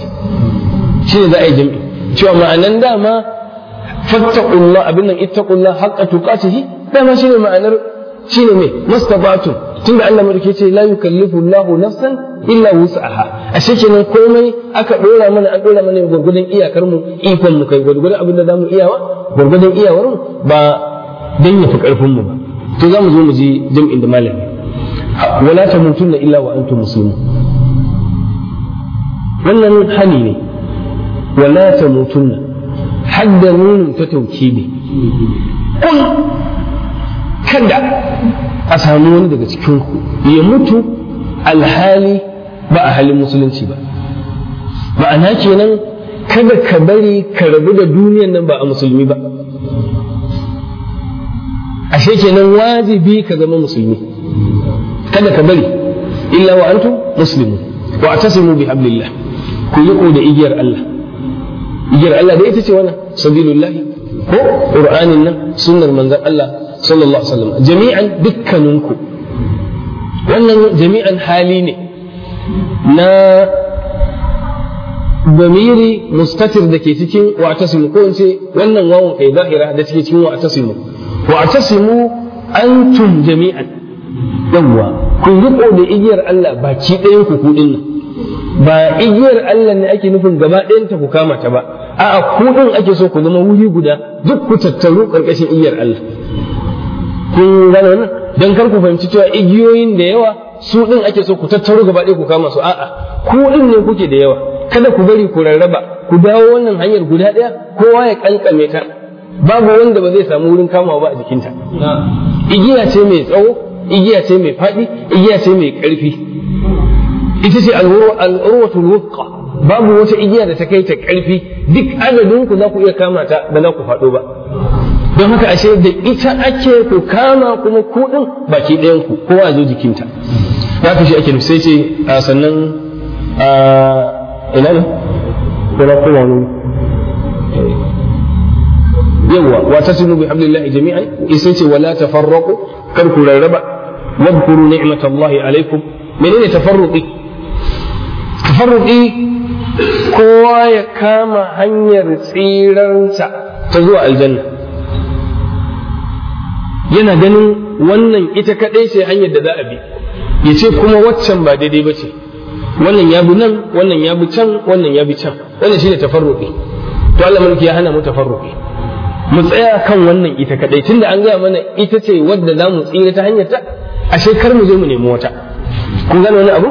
shi za a yi jam'i cewa ma'anan dama fattaqullah abin nan ittaqullah haqqa tuqatihi dama shine ma'anar shine me mastabatun tunda Allah mulki ce la yukallifu Allahu nafsan illa wus'aha ashe kenan komai aka dora mana an dora mana gurgudun iyakar mu ikon mu kai gwargwadon abin da zamu iyawa gwargwadon iyawar ba dan yafi karfin mu ba to za mu zo mu je jam'in da malami wala tamutunna illa wa antum muslimun wannan hali ne wala mutun hadda nunun ta taukidi kun kada a samu wani daga cikin ku ya mutu alhali ba a halin musulunci ba ma'ana kenan kada ka bari ka rabu da duniyar nan ba a musulmi ba ashe kenan wajibi ka zama musulmi kada ka bari illa wa antum muslimun wa atasimu bi ku yi da igiyar Allah igiyar Allah da ita ce wannan sabilullah ko qur'anin nan sunnar manzon Allah sallallahu alaihi wasallam jami'an dukkaninku wannan jami'an hali ne na bamiri mustatir da ke cikin wa'tasimu ko in ce wannan wawan kai zahira da cikin wa'tasimu wa atasimu antum jami'an yawwa ku riko da igiyar Allah baki ɗayan ku kuɗin nan ba igiyar Allah ne ake nufin gaba ɗayan ta ku kama ta ba a'a ku din ake so ku zama wuri guda duk ku tattaru karkashin igiyar Allah kun gane nan dan kar ku fahimci cewa igiyoyin da yawa su din ake so ku tattaru gaba ɗaya ku kama su a'a ku din ne kuke da yawa kada ku bari ku rarraba ku dawo wannan hanyar guda ɗaya kowa ya kankame ta babu wanda ba zai samu wurin kamawa ba a jikinta igiya ce mai tsawo igiya ce mai faɗi igiya ce mai ƙarfi ita ce al'urwatul wuqqa babu wata igiya da ta kai ta karfi, duk adadin ku za ku iya kama ta ba za ku faɗo ba don haka ashe da ita ake ku kama kuma kuɗin baki ɗayan ku kowa zo jikinta ya fi shi ake sai ce sannan ina ne kuma kowa yawa wa tasinu bi hablillahi jami'a sai ce wala tafarraqu kar ku rarraba wadhkuru ni'matallahi alaikum menene tafarruqi tafarruqi kowa ya kama hanyar tsirarsa ta zuwa aljanna yana ganin wannan ita kaɗai ce hanyar da za a bi ya ce kuma waccan ba daidai ba ce wannan ya bi nan wannan ya bi can wannan ya bi can wannan shine tafarruqi to Allah mulki ya hana mu tafarruqi mu tsaya kan wannan ita kadai tunda an gaya mana ita ce wadda za mu tsira ta hanyar ta a shekar mu zo mu nemi wata kun gano wani abu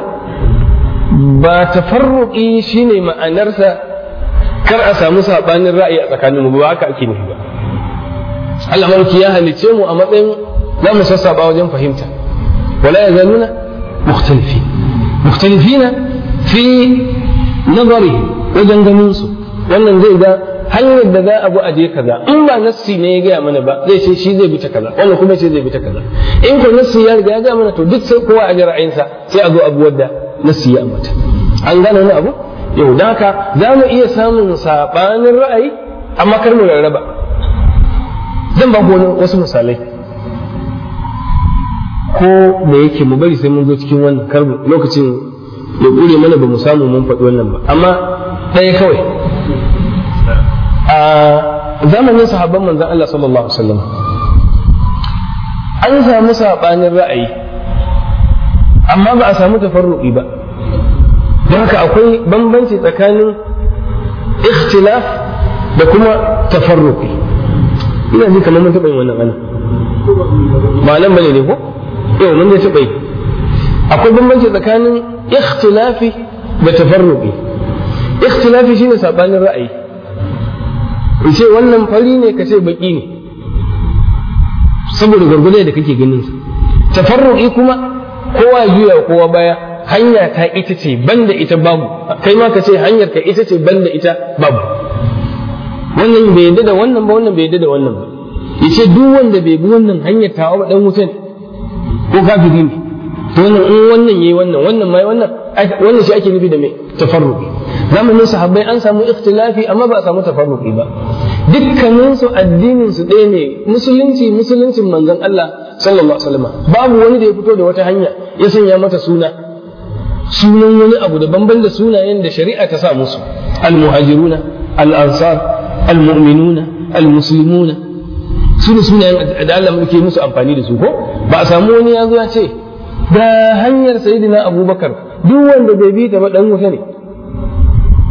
ba tafarruqi shine ma'anarsa kar a samu sabanin ra'ayi a tsakanin mu ba haka ake nufi ba Allah mun ya halice mu a matsayin za mu sassaba wajen fahimta wala ya zanuna mukhtalifin mukhtalifina fi nazari wajen ganin su wannan zai ga hanyar da za a bi a je kaza in ba nassi ne ya gaya mana ba zai ce shi zai bi ta kaza wannan kuma ce zai bi ta kaza in ko nassi ya riga ya gaya mana to duk sai kowa a ji ra'ayinsa sai a zo abu wadda nassi ya ambata an gane wani abu yau da haka za mu iya samun sabanin ra'ayi amma kar mu rarraba zan ba wasu misalai ko da yake mu bari sai mun zo cikin wannan kar lokacin ya ƙure mana ba mu samu mun faɗi wannan ba amma ɗaya kawai a zamanin sahabban manzan Allah sallallahu alaihi wasallam an samu saɓanin ra'ayi amma ba a samu tafarruqi ba don ka akwai bambanci tsakanin ikhtilaf da kuma tafarruqi ina ji kamar mun taɓa yin wannan ana malam bane ne ko yau mun dai taɓa yi akwai bambanci tsakanin ikhtilafi da tafarruqi ikhtilafi shine sabanin ra'ayi in ce wannan fari ne ka ce baki ne saboda gwargwadon da kake ganin sa tafarru'i kuma kowa juya kowa baya hanya ta ita ce banda ita babu kai ma ka ce hanyar ka ita ce banda ita babu wannan bai yadda da wannan ba wannan bai yadda da wannan ba yace duk wanda bai bi wannan hanyar tawa ba dan wutan ko kafiri ne to wannan in wannan yayi wannan wannan mai wannan wannan shi ake nufi da me tafarru'i zamanin sahabbai an samu ikhtilafi amma ba a samu tafarruqi ba dukkanin su addinin su ɗaya ne musulunci musuluncin manzon Allah sallallahu alaihi wasallam babu wani da ya fito da wata hanya ya sanya mata suna sunan wani abu da banban da sunayen da shari'a ta sa musu al-muhajiruna al-ansar al-mu'minuna al su sunayen da Allah musu amfani da su ko ba a samu wani ya zo ya ce da hanyar sayyidina abubakar duk wanda bai bi ta ba dan wuta ne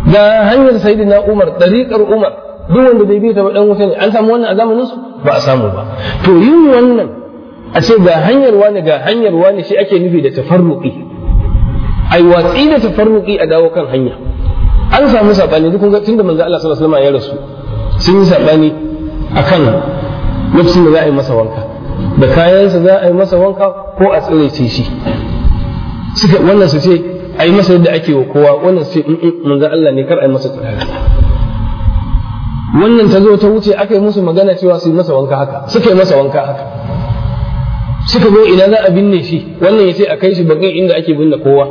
ga hanyar sayyidina Umar dariƙar Umar duk wanda bai bi ta ba dan wuta ne an samu wannan a zamanin su ba a samu ba to yin wannan a ce ga hanyar wani ga hanyar wani shi ake nufi da tafarruqi ai watsi da tafarruqi a dawo kan hanya an samu sabani duk kun ga tunda manzo Allah sallallahu alaihi wasallam ya rasu sun yi sabani akan lokacin da za a yi masa wanka da kayansa za a yi masa wanka ko a tsiraice shi suka wannan su ce a yi masa yadda ake wa kowa wannan sai manzan Allah ne kar a yi masa tunani wannan ta zo ta wuce aka yi musu magana cewa su yi masa wanka haka suka yi masa wanka haka suka zo ina za a binne shi wannan ya ce a kai shi bakin inda ake binne kowa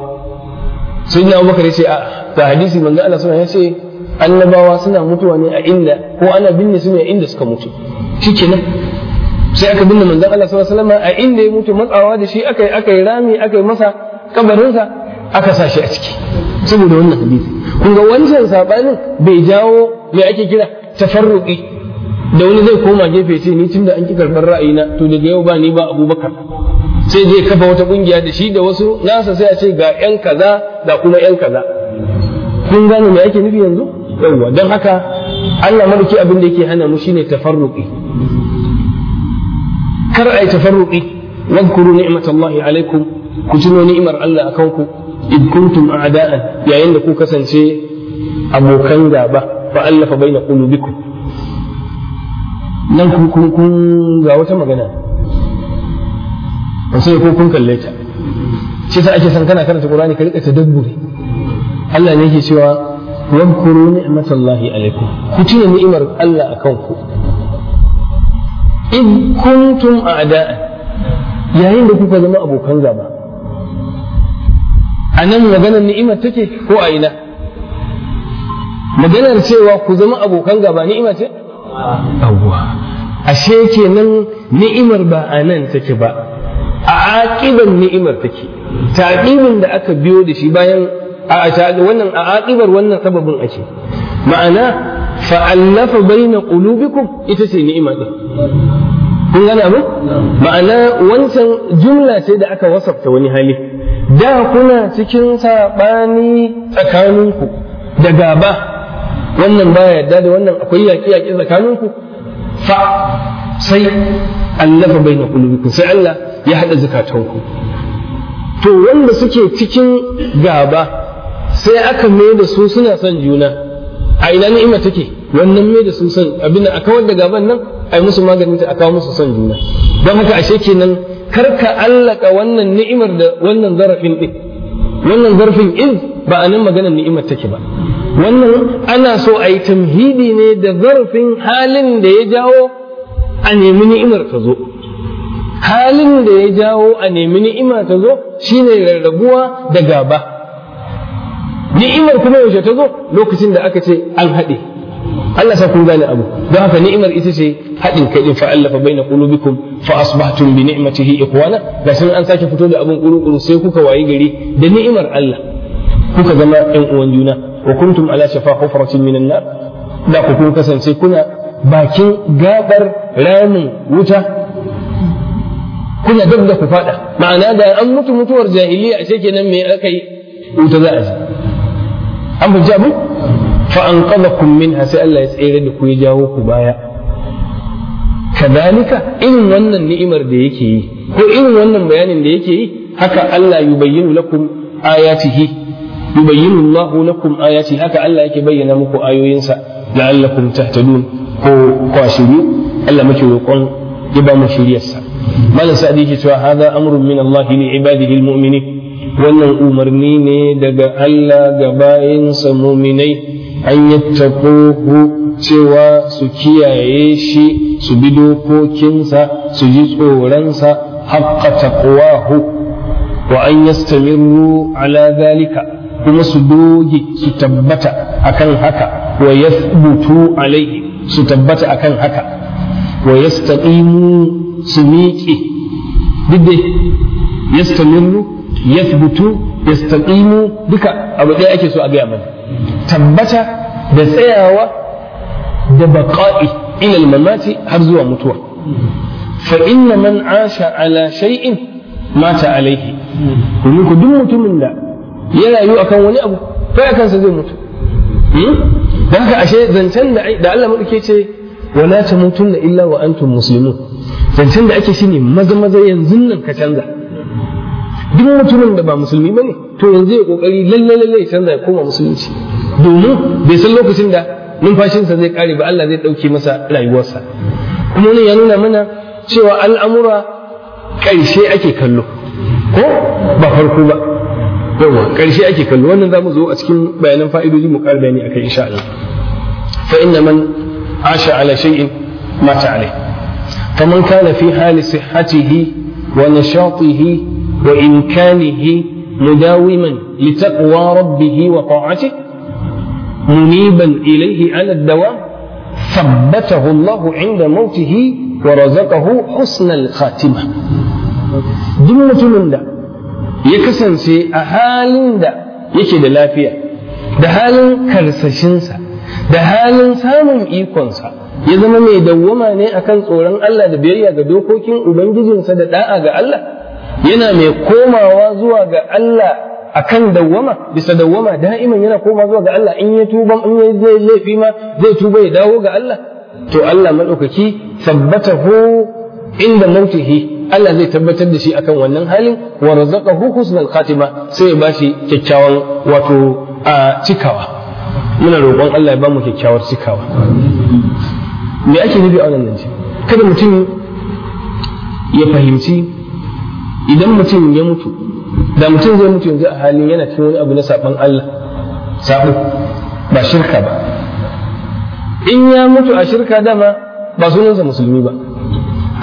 sai na abubakar ya ce a ta hadisi manzan Allah suna ya ce annabawa suna mutuwa ne a inda ko ana binne su ne a inda suka mutu shikenan sai aka binne manzan Allah sallallahu alaihi wasallam a inda ya mutu matsawa da shi aka yi aka yi rami aka yi masa kabarinsa aka sa shi a ciki saboda wannan hadisi kun ga wancan sabanin bai jawo mai ake kira tafarruqi da wani zai koma gefe ce ni tunda an ki karɓar ra'ayina to daga yau ba ni ba abubakar sai zai kafa wata kungiya da shi da wasu nasa sai a ce ga yan kaza da kuma yan kaza kun gane mai ake nufi yanzu yawwa don haka Allah madauki abin da yake hana mu shine tafarruqi kar ai tafarruqi ni'matallahi alaikum ku عليكم ni'imar Allah akan ku in kuntum ada'an yayin da ku kasance abokan gaba fa allafa baina qulubikum nan kun kun ga wata magana ba sai ko kun kalle ta shi ta ake san kana karanta Qur'ani ka rika tadabburi Allah ne yake cewa واذكروا نعمة الله عليكم كتير نعمة الله أكونكم إذ كنتم أعداء yayin da kuka zama abokan gaba a nan maganar ni'imar take ko a ina maganar cewa ku zama abokan gaba ni'ima ce yawwa ashe kenan ni'imar ba a nan take ba a aƙiban ni'imar take taƙibin da aka biyo da shi bayan a wannan a aƙibar wannan sababin ake ma'ana fa'allafa baina qulubikum ita ce ni'ima din kun gane abin ma'ana wancan jumla ce da aka wasafta wani hali da kuna cikin saɓani tsakaninku da gaba wannan ba yarda da wannan akwai yaƙi yaƙi tsakaninku fa sai ba bai na sai Allah ya haɗa zukatanku to wanda suke cikin gaba sai aka mai da su suna son juna a ina ni'ima take wannan mai da su son abin a kawar da gaban nan ai musu maganinta ta a kawo musu son juna don haka ashe kenan karka allaka wannan ni'imar da wannan zarafin din wannan zarfin iz ba a nan maganar ni'imar take ba wannan ana so a yi tamhidi ne da zarfin halin da ya jawo a nemi ni'imar ta zo halin da ya jawo a nemi ni'ima ta zo shine rarrabuwa da gaba ni'imar kuma yaushe ta zo lokacin da aka ce an haɗe Allah sa kun gane abu don haka ni'imar ita ce haɗin kai fa allafa baina qulubikum fa asbahtum bi ni'matihi ikhwana ga sun an sake fito da abun kuru sai kuka wayi gari da ni'imar Allah kuka zama ɗan uwan juna wa kuntum ala shafa hufratin minan nar da ku kun kasance kuna bakin gabar ramin wuta kuna dab da ku fada ma'ana da an mutu mutuwar jahiliya a kenan me aka yi wuta za a ji an fahimci abu fa anqadhakum minha sai Allah ya tsere da ku ya jawo ku baya kadalika irin wannan ni'imar da yake yi ko irin wannan bayanin da yake yi haka Allah yubayyinu lakum ayatihi yubayyinu Allahu lakum ayati haka Allah yake bayyana muku ayoyinsa la'allakum tahtadun ko kwashiru Allah muke roƙon ya ba mu shiryarsa malam sa'adi yake cewa hadha amrun min Allah li ibadihi almu'minin wannan umarni ne daga Allah ga bayinsa mu'minai an yattaquhu cewa su kiyaye shi su bi dokokinsa su ji tsoronsa haqqa taqwahu wa an yastamiru ala zalika kuma su doge su tabbata akan haka wa yathbutu alaihi su tabbata akan haka wa mu su miƙe duk ya yathbutu mu duka abu ɗaya ake so a gaya mana tabbata da tsayawa da baƙa'i ilal mamati har zuwa mutuwa fa inna man asha ala shay'in mata alaihi domin ku duk mutumin da ya rayu akan wani abu kai kansa zai mutu hmm? dan haka ashe zancen da Allah madauke ce wala da illa wa antum muslimun zancen da ake shine maza maza yanzu nan ka canza duk mutumin da ba musulmi ba ne to yanzu ya ƙoƙari lalle lalle ya canza ya koma musulunci domin bai san lokacin da numfashinsa zai kare ba Allah zai ɗauke masa rayuwarsa kuma ne ya nuna mana cewa al'amura ƙarshe ake kallo ko ba farko ba yawa ƙarshe ake kallo wannan za mu zo a cikin bayanan fa'idoji mu ƙara bayani akai insha Allah fa inna man asha ala shay'in mata alai man kana fi hali sihhatihi wa nashatihi wa imkanihi mudawiman li taqwa rabbihi wa ta'atihi منيبا إليه على الدوام ثبته الله عند موته ورزقه حسن الخاتمة جملة من ده يكسن سي أهال ده يكي لافية ده هال كرسشنسا ده هال سامم إيكونسا ya zama mai dawwama ne akan tsoron Allah da biyayya ga dokokin Ubangijinsa da da'a ga Allah yana mai komawa zuwa ga Allah akan dawwama bisa dawwama da'iman yana koma zuwa ga Allah in ya tuba in ya zai laifi ma zai tuba ya dawo ga Allah to Allah madaukaki sabbatahu inda mautihi Allah zai tabbatar da shi akan wannan halin wa razaqahu husnal khatima sai ya bashi kyakkyawan wato a cikawa muna roƙon Allah ya bamu kyakkyawar cikawa me ake nufi a wannan ne kada mutum ya fahimci idan mutum ya mutu da mutum zai mutu yanzu a hali yana cikin wani abu na saɓon Allah saɓo ba shirka ba in ya mutu a shirka dama ba sunansa musulmi ba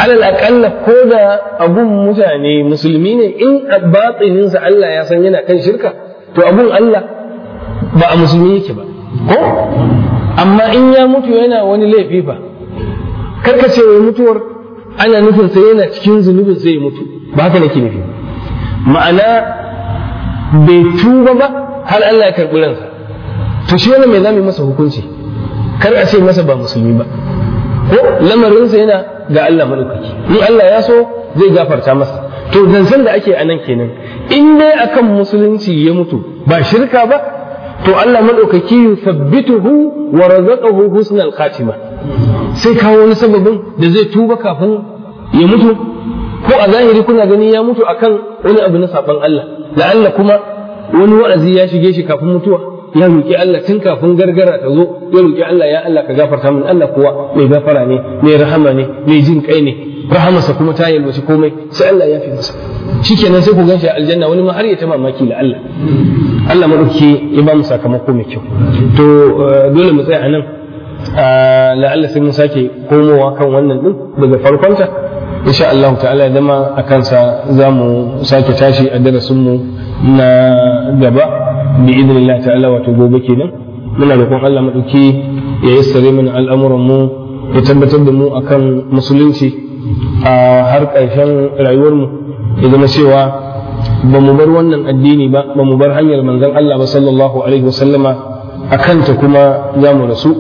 alal aqalla ko da abun mutane musulmi ne in batininsa Allah ya san yana kan shirka to abun Allah ba a musulmi yake ba ko amma in ya mutu yana wani laifi ba karka ce mutuwar ana nufin sai yana cikin zunubin zai mutu ba haka nake nufi ma'ana bai tuba ba har Allah ya karɓi ransa to shi wannan mai zamu masa hukunci kar a ce masa ba musulmi ba ko lamarinsa yana ga Allah madaukaki in Allah ya so zai gafarta masa to zancen da ake a nan kenan in dai akan musulunci ya mutu ba shirka ba to Allah madaukaki yusabbituhu wa razaqahu husnal khatima sai kawo wani sababin da zai tuba kafin ya mutu ko a zahiri kuna gani ya mutu akan wani abu na saban Allah la'alla kuma wani wa'azi ya shige shi kafin mutuwa ya roki Allah tun kafin gargara ta zo ya roki Allah ya Allah ka gafarta min Allah kuwa mai gafara ne mai rahama ne mai jin kai ne rahamarsa kuma ta yalwaci komai sai Allah ya fi masa shikenan sai ku ganshi a aljanna wani ma har ya ta mamaki la Allah Allah madauki ya ba mu sakamako mai kyau to eh, dole mu tsaya a ah, la'alla sai mun sake komowa kan wannan din daga farkonta insha Allah ta'ala dama a kansa za mu sake tashi a darasinmu na gaba bi idinillah ta'ala wato gobe kenan muna roƙon Allah maɗauki ya yi sare mana al'amuran mu ya tabbatar da mu akan musulunci a har ƙarshen rayuwarmu. ya zama cewa ba mu bar wannan addini ba ba mu bar hanyar manzon Allah ba sallallahu alaihi wasallama akan ta kuma za mu rasu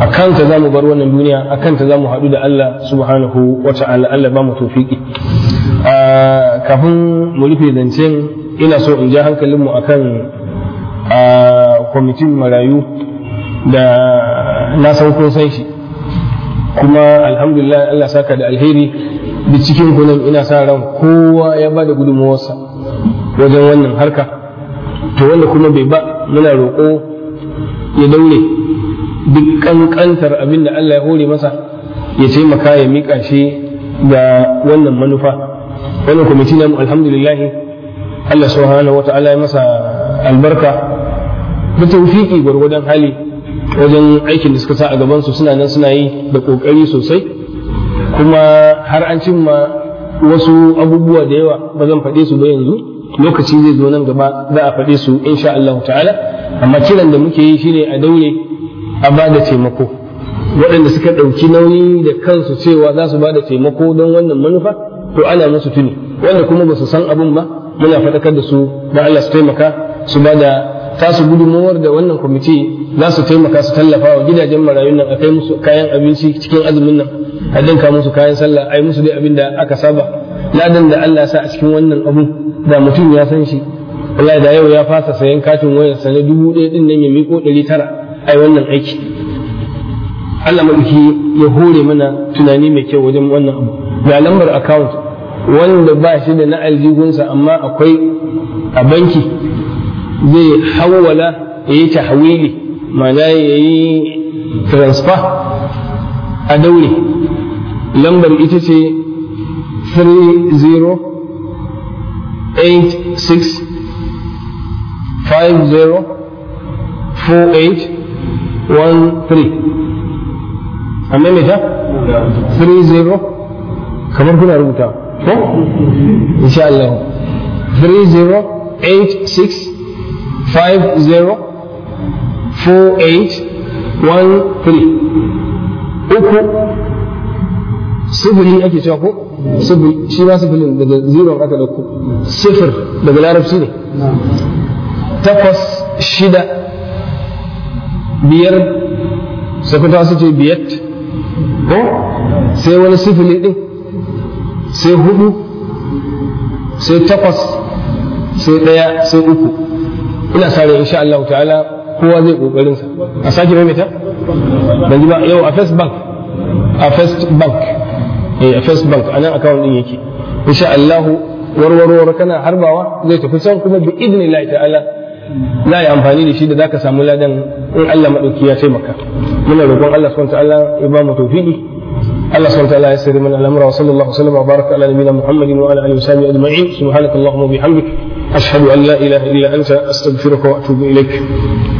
a kanta za mu bar wannan duniya a kanta za mu haɗu da Allah subhanahu wa ta'ala Allah ba mu tofiki kafin mu rufe zancen ina so in ja hankalinmu a kan kwamitin marayu da na san kun san shi kuma alhamdulillah Allah saka da alheri da cikin kunan ina sa ran kowa ya ba da gudunmawarsa wajen wannan harka to wanda kuma bai ba muna roƙo ya daure duk kankantar abin da Allah ya hore masa ya taimaka ya miƙa shi ga wannan manufa wannan kwamiti na alhamdulillah Allah subhanahu wata'ala ya masa albarka da tawfiki gwargwadon hali wajen aikin da suka sa a gabansu suna nan suna yi da ƙoƙari sosai kuma har an cimma wasu abubuwa da yawa ba zan faɗe su ba yanzu lokaci zai zo nan gaba za a faɗe su insha Allah ta'ala amma kiran da muke yi shine a daure a ba da taimako waɗanda suka ɗauki nauyi da kansu cewa za su ba taimako don wannan manufa to ana musu tuni wanda kuma ba su san abin ba muna faɗakar da su da Allah su taimaka su ba da tasu gudunmawar da wannan kwamiti za su taimaka su tallafa wa gidajen marayun nan a kai musu kayan abinci cikin azumin nan a dinka musu kayan sallah a yi musu dai abin da aka saba ladan da Allah sa a cikin wannan abu da mutum ya san shi Allah da yau ya fasa sayan katin wayar sa na dubu ɗaya ɗin nan ya miƙo ɗari tara ai wannan aiki Allah madauki ya hore mana tunani mai kyau wajen wannan abu ga lambar account wanda ba shi da na aljigunsa amma akwai a banki zai hauwala ya yi tahwili mana ya yi transfer a daure lambar ita ce zero four eight. 1 3 amma mai ta zero kamar kuna rubuta ko insha Allah zero, eight, six, five, zero, four, eight, 1 3 uku sifiri ake cewa ko shi ma sifirin daga ziron aka ku? sifir daga larabci ne takwas shida biyar sakwata su ce biyat ko sai wani sifili ɗin sai hudu sai takwas sai ɗaya sai uku ina sa ran insha Allah ta'ala kowa zai kokarin sa a sake mita ban ji ba yau a first bank a first bank eh a first bank anan account din yake insha Allah warwarwar kana harbawa zai tafi son kuma bi idnillahi ta'ala za a yi amfani da shi da za ka samu ladan in Allah maɗauki ya taimaka muna roƙon Allah subhanahu ta'ala ya ba mu tawfiki Allah subhanahu ta'ala ya sirri mana al'amura wa sallallahu alaihi wa baraka ala nabiyina Muhammadin wa ala alihi wa sahbihi ajma'in subhanakallahumma wa bihamdik ashhadu an la ilaha illa anta astaghfiruka wa atubu ilaik